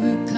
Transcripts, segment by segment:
to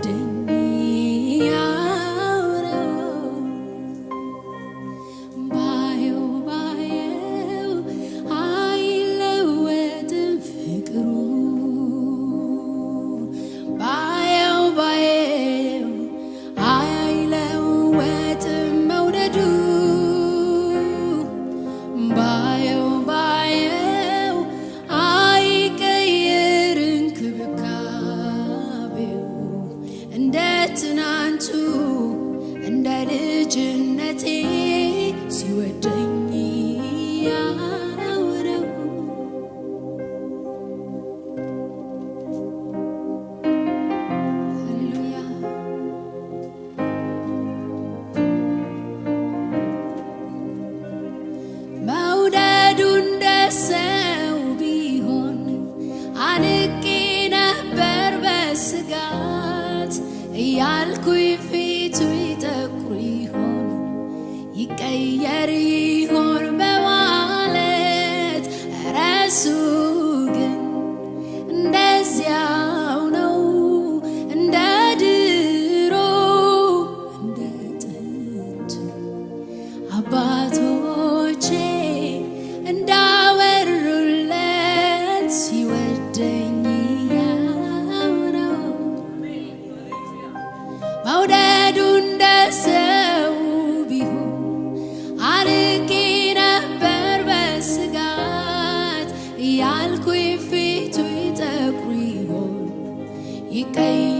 today. religion tay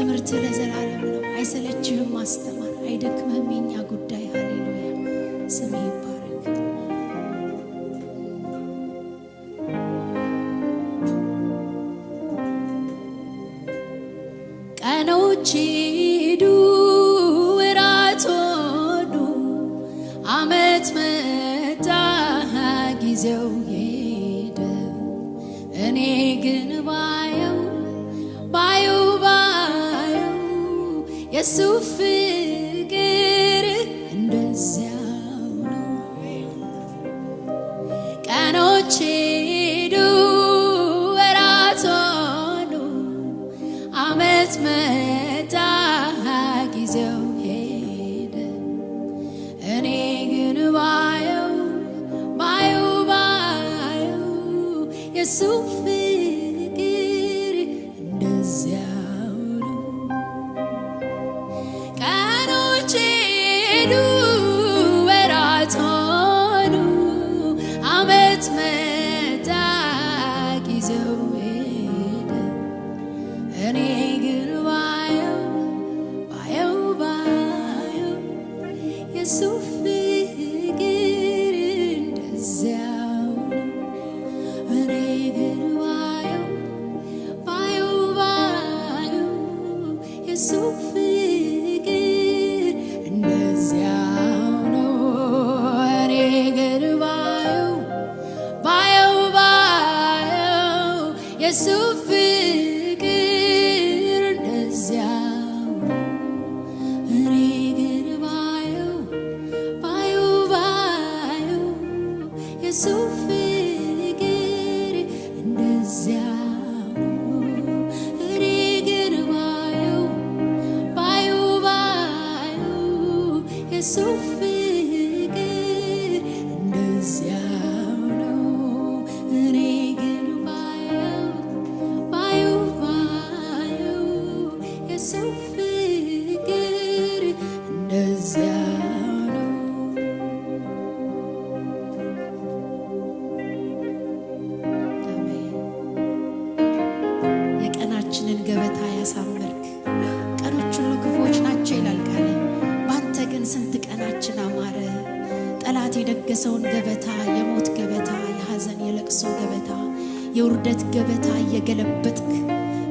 ትምህርት ለዘላለም ነው። አይሰለችህም ማስተማር፣ አይደክምህም የኛ ጉዳይ። ሀሌሉያ ስሜ sou suficiente. sou fim. የእጃችንን ገበታ ያሳመርክ ቀኖች ሁሉ ክፎች ናቸው ይላል ቃል። በአንተ ግን ስንት ቀናችን አማረ። ጠላት የደገሰውን ገበታ፣ የሞት ገበታ፣ የሐዘን የለቅሶ ገበታ፣ የውርደት ገበታ እየገለበጥክ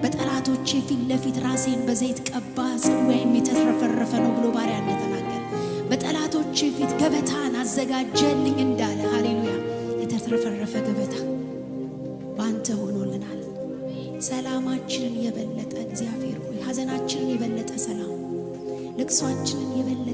በጠላቶች ፊት ለፊት ራሴን በዘይት ቀባ፣ ጽዋዬም የተረፈረፈ ነው ብሎ ባሪያ እንደተናገር በጠላቶች ፊት ገበታን አዘጋጀልኝ እንዳለ ሃሌሉያ የተትረፈረፈ ገበታ ልቅሷችንን የበለጠ እግዚአብሔር ሆይ ሐዘናችንን የበለጠ ሰላም፣ ልቅሷችንን የበለጠ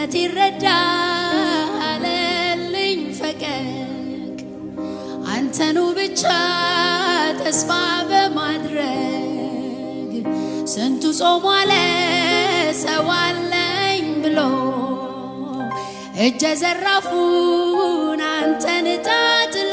ቸርነት ይረዳል አለልኝ ፈቀቅ አንተኑ ብቻ ተስፋ በማድረግ ስንቱ ጾሟለ ሰዋለኝ ብሎ እጀ ዘራፉን አንተን ታጥሎ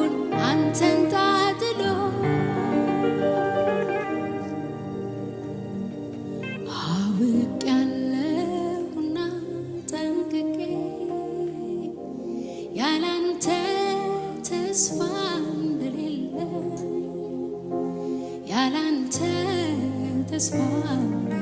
ተንጣጥሎ አውቄያለሁና ጠንቅቄ ያላንተ ተስፋ እንደሌለ ያላንተ ተስፋ